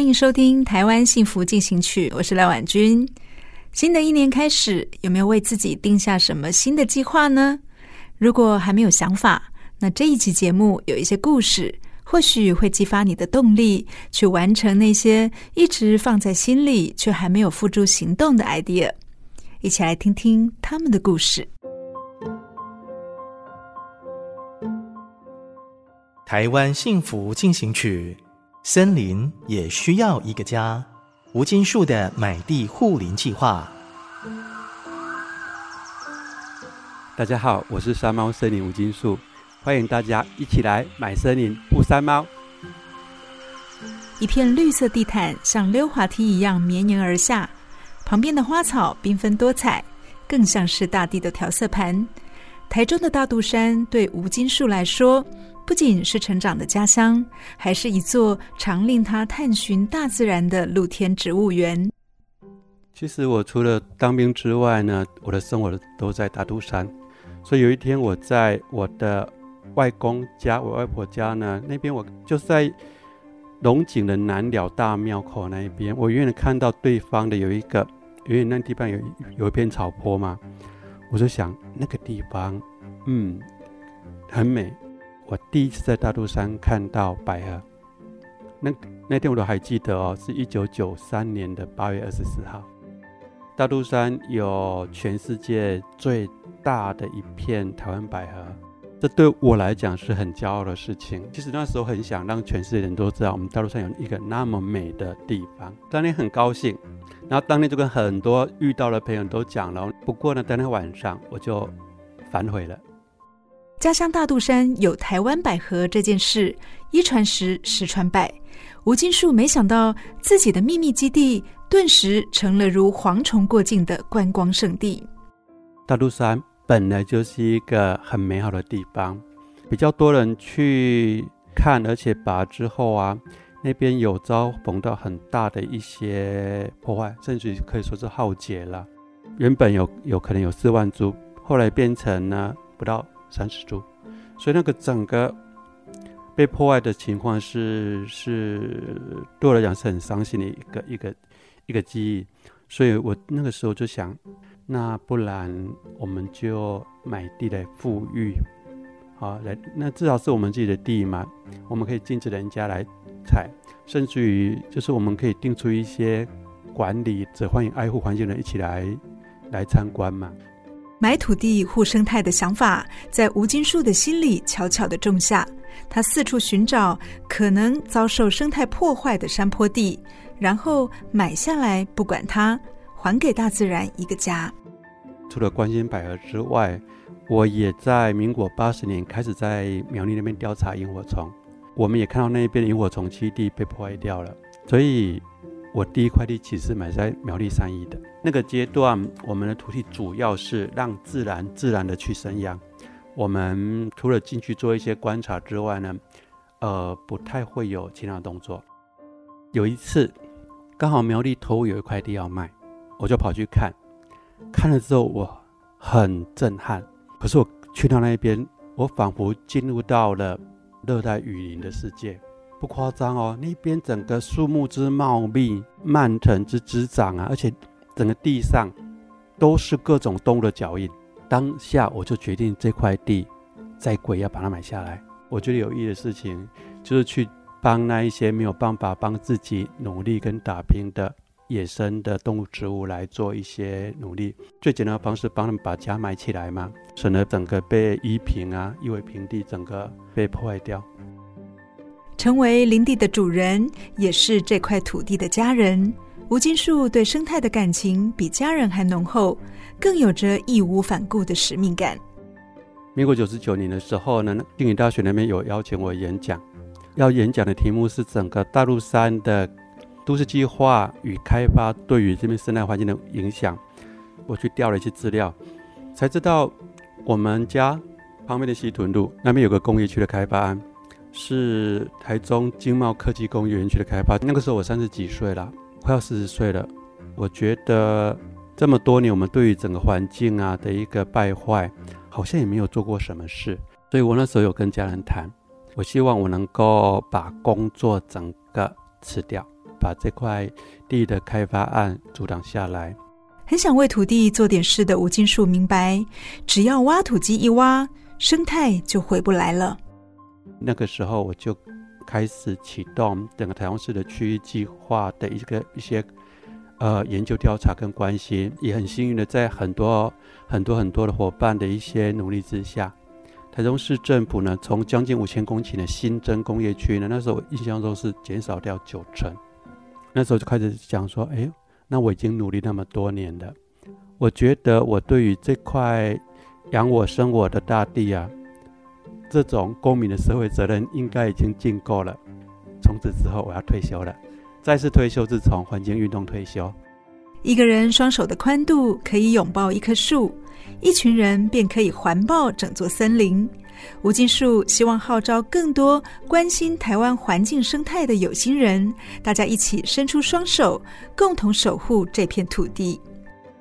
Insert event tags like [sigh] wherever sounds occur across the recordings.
歡迎收聽《台灣幸福進行曲》，我是賴婉君。新的一年開始，有沒有為自己定下什麼新的計劃呢？如果還沒有想法，那這一集節目有一些故事，或許會激發你的動力，去完成那些一直放在心裡卻還沒有付諸行動的 idea。一起來聽聽他們的故事，《台灣幸福進行曲》。森林也需要一個家，吳金樹的買地護林計劃。大家好，我是山貓森林吳金樹，歡迎大家一起來買森林護山貓。一片綠色地毯，像溜滑梯一樣綿延而下，旁邊的花草繽紛多彩，更像是大地的調色盤。台中的大肚山，對吳金樹來說，不僅是成長的家鄉，還是一座常令他探尋大自然的露天植物園。其實我除了當兵之外呢，我的生活都在大肚山。所以有一天我在我的外公家，我外婆家呢那邊，我就是在龍井的南寮大廟口那一邊，我遠遠看到對方的有一個，因為那地方有一有一片草坡嘛，我就想那個地方嗯很美。我第一次在大肚山看到百合，那那天我都還記得哦，是一九九三年的八月二十四號。大肚山有全世界最大的一片台灣百合，這對我來講是很驕傲的事情。其實那時候很想讓全世界人都知道，我們大肚山有一個那麼美的地方。當天很高興，然後當天就跟很多遇到的朋友都講了。不過呢，當天晚上我就反悔了。家鄉大肚山有台灣百合這件事，一傳十，十傳百。吳金樹沒想到自己的秘密基地，頓時成了如蝗蟲過境的觀光勝地。大肚山本來就是一個很美好的地方，比較多人去看，而且拔之後啊，那邊有遭逢到很大的一些破壞，甚至可以說是浩劫了。原本有有可能有四萬株，後來變成呢不到，三十株，所以那個整個被破壞的情況是是對我來講是很傷心的一個一個一個記憶。所以我那個時候就想，那不然我們就買地來復育，好，來那至少是我們自己的地嘛，我們可以禁止人家來採，甚至於就是我們可以定出一些管理，只歡迎愛護環境的人一起來來參觀嘛。買土地護生態的想法，在吳金樹的心裡悄悄地種下。他四處尋找可能遭受生態破壞的山坡地，然後買下來，不管它，還給大自然一個家。除了關心百合之外，我也在民國八十年開始在苗栗那邊調查螢火蟲。我們也看到那邊的螢火蟲棲地被破壞掉了，所以。我第一塊地其實買在苗栗三義的，那個階段，我們的土地主要是讓自然自然的去生養。我們除了進去做一些觀察之外呢，呃，不太會有其他動作。有一次，剛好苗栗頭有一塊地要賣，我就跑去看。看了之後，我很震撼。可是我去到那邊，我仿佛進入到了熱帶雨林的世界。不誇張哦，那邊整個樹木之茂密，蔓藤之滋長啊，而且整個地上都是各種動物的腳印。當下我就決定這塊地再貴，要把它買下來。我覺得有意義的事情，就是去幫那一些沒有辦法幫自己努力跟打拼的野生的動物、植物來做一些努力。最簡單的方式，幫他們把家買起來嘛，省得整個被夷平啊，夷為平地，整個被破壞掉。成為林地的主人，也是這塊土地的家人。吳金樹對生態的感情比家人還濃厚，更有着義無反顧的使命感。民國九十九年的時候呢，靜宜大學那邊有邀請我演講，要演講的題目是整個大肚山的都市計劃與開發對於這邊生態環境的影響。我去調了一些資料，才知道我們家旁邊的西屯路那邊有個工業區的開發案。是台中經貿科技工業園區的開發，那個時候我三十幾歲了，快要四十歲了。我覺得這麼多年，我們對於整個環境啊的一個敗壞，好像也沒有做過什麼事。所以我那時候有跟家人談，我希望我能夠把工作整個辭掉，把這塊地的開發案阻擋下來。很想為土地做點事的吳金樹明白，只要挖土機一挖，生態就回不來了。那個時候我就開始啟動整個台中市的區域計劃的一個一些呃研究調查跟關心，也很幸運的在很多很多很多的夥伴的一些努力之下，台中市政府呢從將近五千公頃的新增工業區呢，那時候我印象中是減少掉九成，那時候就開始講說，哎，那我已經努力那麼多年了，我覺得我對於這塊養我生我的大地啊。這種公民的社會責任應該已經盡夠了。從此之後，我要退休了。再次退休是從環境運動退休。一個人雙手的寬度可以擁抱一棵樹，一群人便可以環抱整座森林。吳金樹希望號召更多關心台灣環境生態的有心人，大家一起伸出雙手，共同守護這片土地。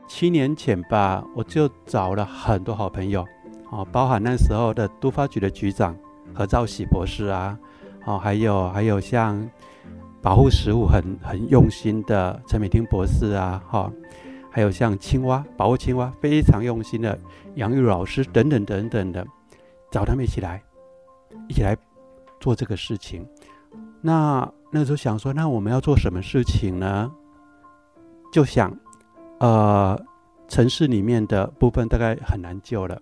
七年前吧，我就找了很多好朋友。哦，包含那時候的都發局的局長何肇喜博士啊，哦，還有還有像保護石虎很很用心的陳美汀博士啊，哈、哦，還有像青蛙保護青蛙非常用心的楊玉老師等等等等的，找他們一起來一起來做這個事情。那那時候想說，那我們要做什麼事情呢？就想，呃，城市裡面的部分大概很難救了。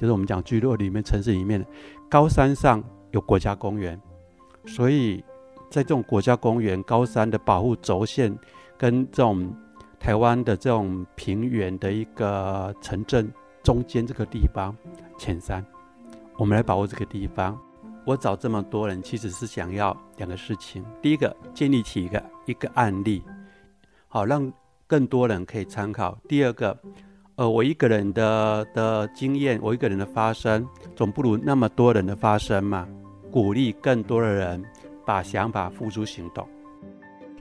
就是我們講聚落裡面、城市裡面，高山上有國家公園，所以在這種國家公園高山的保護軸線，跟這種台灣的這種平原的一個城鎮中間這個地方，淺山，我們來保護這個地方。我找這麼多人，其實是想要兩個事情：第一個，建立起一個一個案例，好讓更多人可以參考；第二個，呃，我一個人的的經驗，我一個人的發聲，總不如那麼多人的發聲嘛。鼓勵更多的人把想法付諸行動。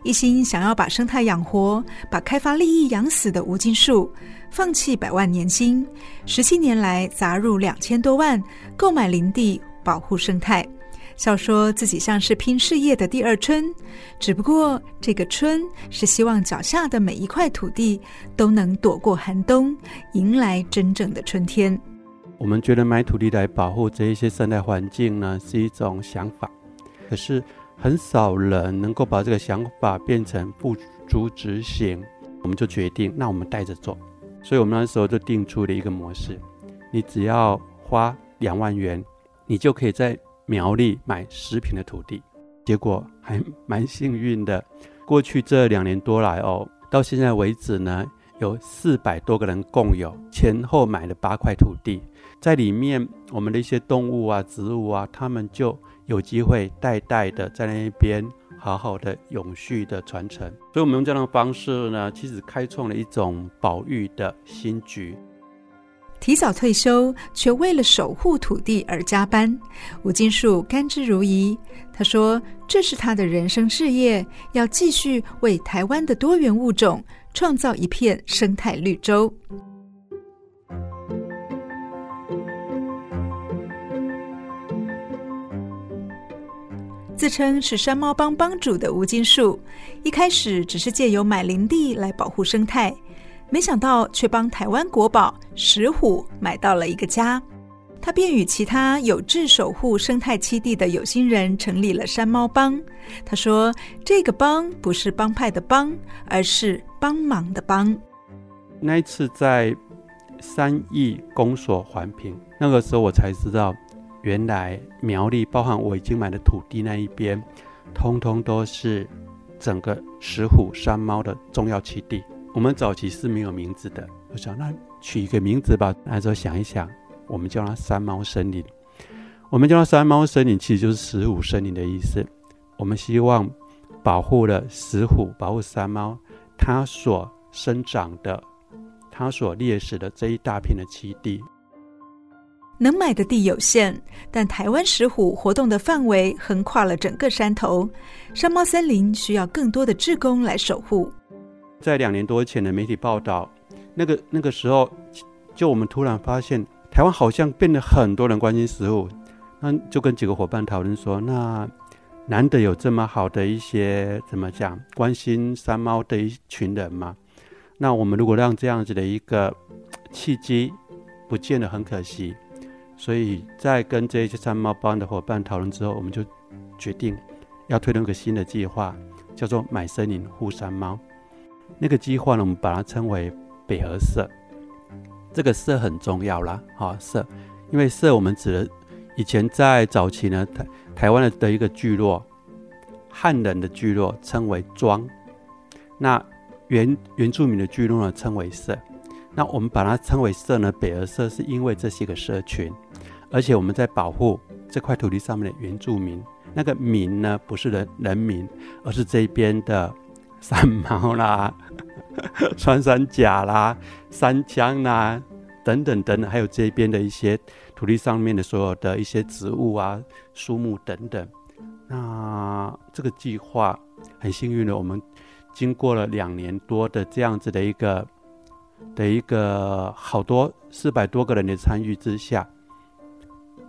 一心想要把生態養活，把開發利益養死的吳金樹，放棄百萬年薪，十七年來砸入兩千多萬購買林地保護生態。笑說自己像是拼事業的第二春，只不過這個春是希望腳下的每一塊土地都能躲過寒冬，迎來真正的春天。我們覺得買土地來保護這一些生態環境呢，是一種想法，可是很少人能夠把這個想法變成付諸執行。我們就決定，那我們帶着做，所以我們那時候就定出了一個模式：你只要花兩萬元，你就可以在。苗栗買十坪的土地，結果還蠻幸運的。過去這兩年多來哦，到現在為止呢，有四百多個人共有前後買了八塊土地，在裡面我們的一些動物啊、植物啊，他們就有機會代代的在那一邊好好的永續的傳承。所以，我們用這樣的方式呢，其實開創了一種保育的新局。提早退休，卻為了守護土地而加班。吳金樹甘之如飴。他說：“這是他的人生事業，要繼續為台灣的多元物種創造一片生態綠洲。”自稱是山貓幫幫主的吳金樹，一開始只是借由買林地來保護生態。沒想到，卻幫台灣國寶石虎買到了一個家。他便與其他有志守護生態棲地的有心人成立了山貓幫。他說：“這個幫不是幫派的幫，而是幫忙的幫。”那一次在三義公所環評，那個時候我才知道，原來苗栗包含我已經買的土地那一邊，通通都是整個石虎山貓的重要棲地。我們早期是沒有名字的，我想那取一個名字吧。那時候想一想，我們叫它“山貓森林”。我們叫它“山貓森林”，其實就是石虎森林的意思。我們希望保護了石虎，保護山貓，它所生長的、它所獵食的這一大片的棲地。能買的地有限，但台灣石虎活動的範圍橫跨了整個山頭，山貓森林需要更多的志工來守護。在兩年多前的媒體報道那個那個時候，就我們突然發現台灣好像變得很多人關心食物，那就跟幾個夥伴討論說，那難得有這麼好的一些怎麼講關心山貓的一群人嘛，那我們如果讓這樣子的一個契機，不見得很可惜，所以在跟這些山貓幫的夥伴討論之後，我們就決定要推動一個新的計劃，叫做買森林護山貓。那個計劃呢，我們把它稱為北峨社。這個社很重要啦，哈、哦、社，因為社我們指的以前在早期呢，台台灣的一個聚落，漢人的聚落稱為莊，那原原住民的聚落呢稱為社。那我們把它稱為社呢，北峨社是因為這些個社群，而且我們在保護這塊土地上面的原住民。那個民呢，不是人人民，而是這邊的。山貓啦，穿山甲啦，山羌啦，等等等等，還有這邊的一些土地上面的所有的一些植物啊、樹木等等。那這個計劃很幸運的，我們經過了兩年多的這樣子的一個的一個好多四百多個人的參與之下，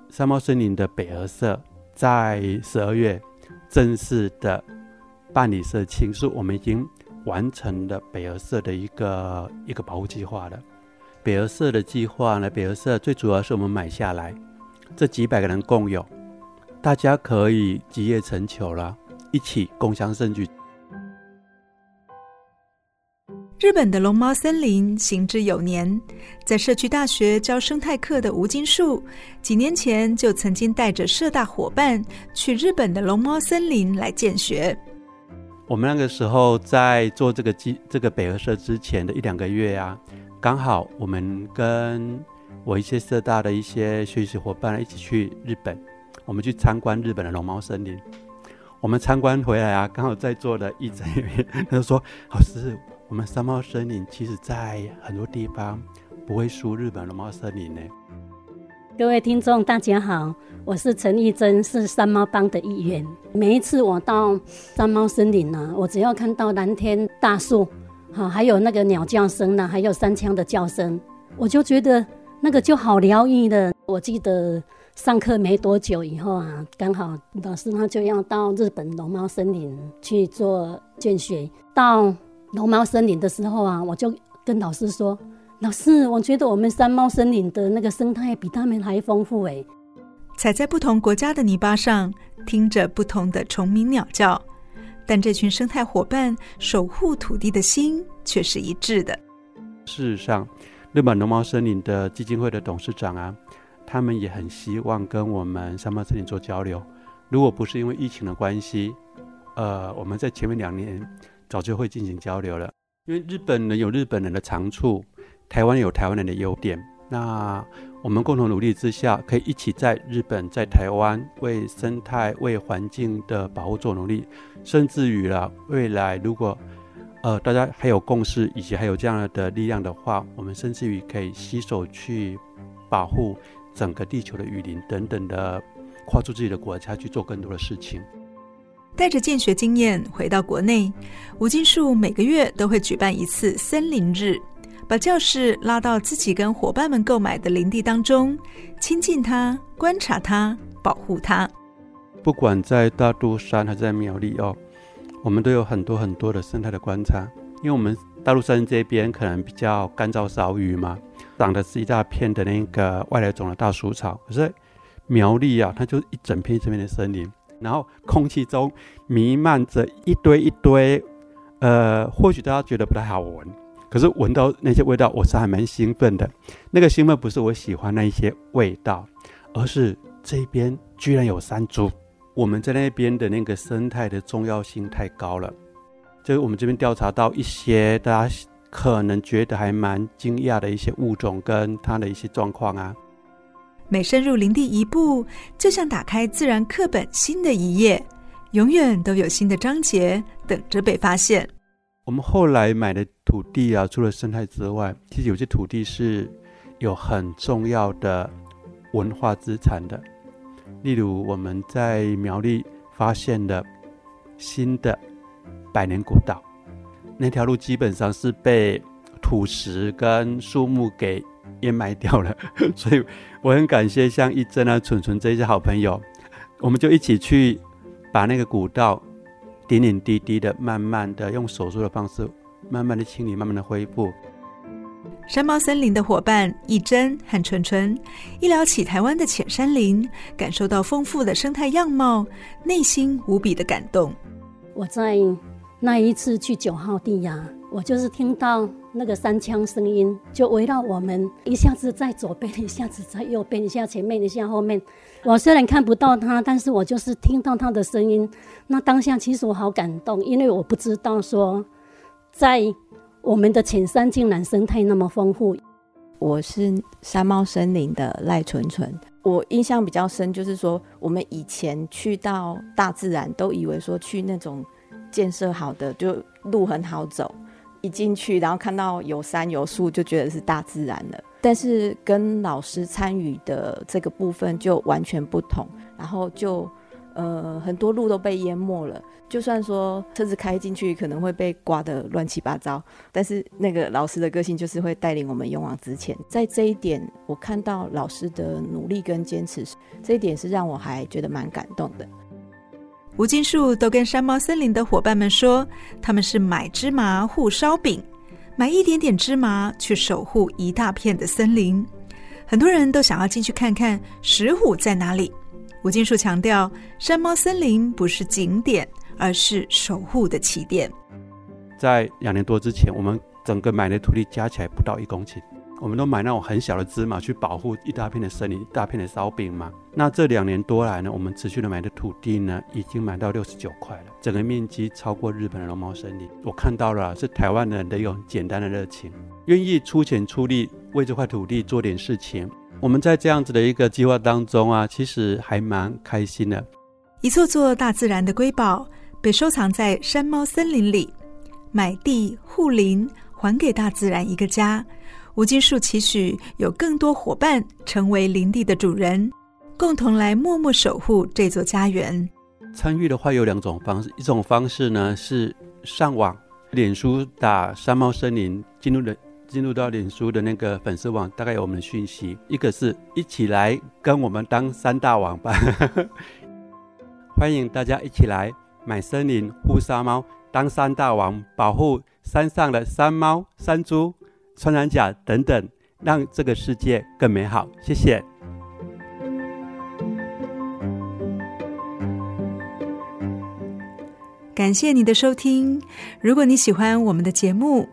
山貓森林的北河社在十二月正式的。辦理社青，是我們已經完成了北鵝社的一個一個保護計劃了。北鵝社的計劃呢，北鵝社最主要是我們買下來，這幾百個人共有，大家可以集腋成裘了，一起共襄盛舉。日本的龍貓森林行之有年，在社區大學教生態課的吳金樹，幾年前就曾經帶着社大伙伴去日本的龍貓森林來見學。我們那個時候在做這個機這個北歐社之前的一兩個月啊，剛好我們跟我一些社大的一些學習伙伴一起去日本，我們去參觀日本的龍貓森林。我們參觀回來啊，剛好在座的一整位他就說：“老師，我們山貓森林其實，在很多地方不會輸日本龍貓森林呢。”各位聽眾，大家好，我是陳義珍，是山貓幫的一員。每一次我到山貓森林呢、啊，我只要看到藍天、大樹，好，還有那個鳥叫聲呢，還有山羌的叫聲，我就覺得那個就好療癒的。我記得上課沒多久以後啊，剛好老師他就要到日本龍貓森林去做見學。到龍貓森林的時候啊，我就跟老師說。老師，我覺得我們山貓森林的那個生態比他們還豐富、欸、踩在不同國家的泥巴上，聽着不同的蟲鳴鳥叫，但這群生態伙伴守護土地的心卻是一致的。事實上，日本農貓森林的基金會的董事長啊，他們也很希望跟我們山貓森林做交流。如果不是因為疫情的關係，呃，我們在前面兩年早就會進行交流了。因為日本人有日本人的長處。台灣有台灣人的優點，那我們共同努力之下，可以一起在日本、在台灣為生態、為環境的保護做努力，甚至於了未來，如果呃大家還有共識，以及還有這樣的力量的話，我們甚至於可以攜手去保護整個地球的雨林等等的，跨出自己的國家去做更多的事情。帶着見學經驗回到國內，吳金樹每個月都會舉辦一次森林日。把教室拉到自己跟伙伴們購買的林地當中，親近它，觀察它，保護它。不管在大肚山還是在苗栗哦，我們都有很多很多的生態的觀察。因為我們大肚山這邊可能比較乾燥少雨嘛，長的是一大片的那個外來種的大黍草。可是苗栗啊，它就一整片這邊的森林，然後空氣中彌漫着一堆一堆，呃，或許大家覺得不太好聞。可是聞到那些味道，我是還蠻興奮的。那個興奮不是我喜歡的那一些味道，而是這邊居然有山豬。我們在那邊的那個生態的重要性太高了。就我們這邊調查到一些大家可能覺得還蠻驚訝的一些物種，跟它的一些狀況啊。每深入林地一步，就像打開自然課本新的一頁，永遠都有新的章節等着被發現。我們後來買的土地啊，除了生態之外，其實有些土地是有很重要的文化資產的。例如我們在苗栗發現的新的百年古道，那條路基本上是被土石跟樹木給掩埋掉了，所以我很感謝像一珍啊、純純這些好朋友，我們就一起去把那個古道。點點滴滴的，慢慢的用手術的方式，慢慢的清理，慢慢的恢復。山貓森林的夥伴一真和純純一聊起台灣的淺山林，感受到豐富的生態樣貌，內心無比的感動。我在那一次去九號地呀，我就是聽到。那個山羌聲音就圍繞我們，一下子在左邊，一下子在右邊，一下前面，一下後面。我雖然看不到他，但是我就是聽到他的聲音。那當下其實我好感動，因為我不知道說，在我們的淺山竟然生態那麼豐富。我是山貓森林的賴純純，我印象比較深，就是說我們以前去到大自然，都以為說去那種建設好的，就路很好走。一進去，然後看到有山有樹，就覺得是大自然了。但是跟老師參與的這個部分就完全不同。然後就，呃，很多路都被淹沒了。就算說車子開進去，可能會被刮得亂七八糟。但是那個老師的個性就是會帶領我們勇往直前。在這一點，我看到老師的努力跟堅持，這一點是讓我還覺得蠻感動的。吳金樹都跟山貓森林的夥伴們說，他們是買芝麻護燒餅，買一點點芝麻去守護一大片的森林。很多人都想要進去看看石虎在哪裡。吳金樹強調，山貓森林不是景點，而是守護的起點。在兩年多之前，我們整個買的土地加起來不到一公頃。我們都買那種很小的芝麻去保護一大片的森林，一大片的燒餅嘛。那這兩年多來呢，我們持續的買的土地呢，已經買到六十九塊了，整個面積超過日本的龍貓森林。我看到了啊，是台灣人的一種簡單的熱情，願意出錢出力為這塊土地做點事情。我們在這樣子的一個計劃當中啊，其實還蠻開心的。一座座大自然的瑰寶被收藏在山貓森林裡，買地護林，還給大自然一個家。吳金樹期許有更多夥伴成為林地的主人，共同來默默守護這座家園。參與的話有兩種方式，一種方式呢是上網，臉書打“山貓森林”，進入的進入到臉書的那個粉絲網，大概有我們的訊息。一個是一起來跟我們當山大王吧， [laughs] 歡迎大家一起來買森林護山貓，當山大王，保護山上的山貓、山豬。穿山甲等等，讓這個世界更美好。謝謝。感謝你的收聽。如果你喜歡我們的節目，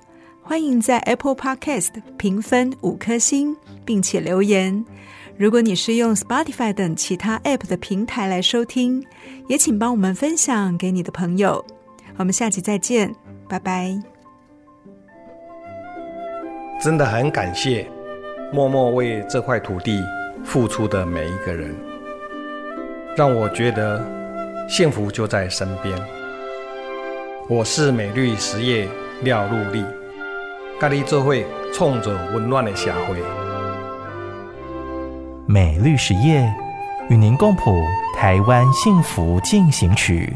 歡迎在 Apple Podcast 評分五顆星，並且留言。如果你是用 Spotify 等其他 App 的平台來收聽，也請幫我們分享給你的朋友。我們下期再見，拜拜。真的很感謝默默為這塊土地付出的每一個人，讓我覺得幸福就在身邊。我是美律實業廖祿立，咖喱做會衝着溫暖的社會，美律實業與您共譜台灣幸福進行曲。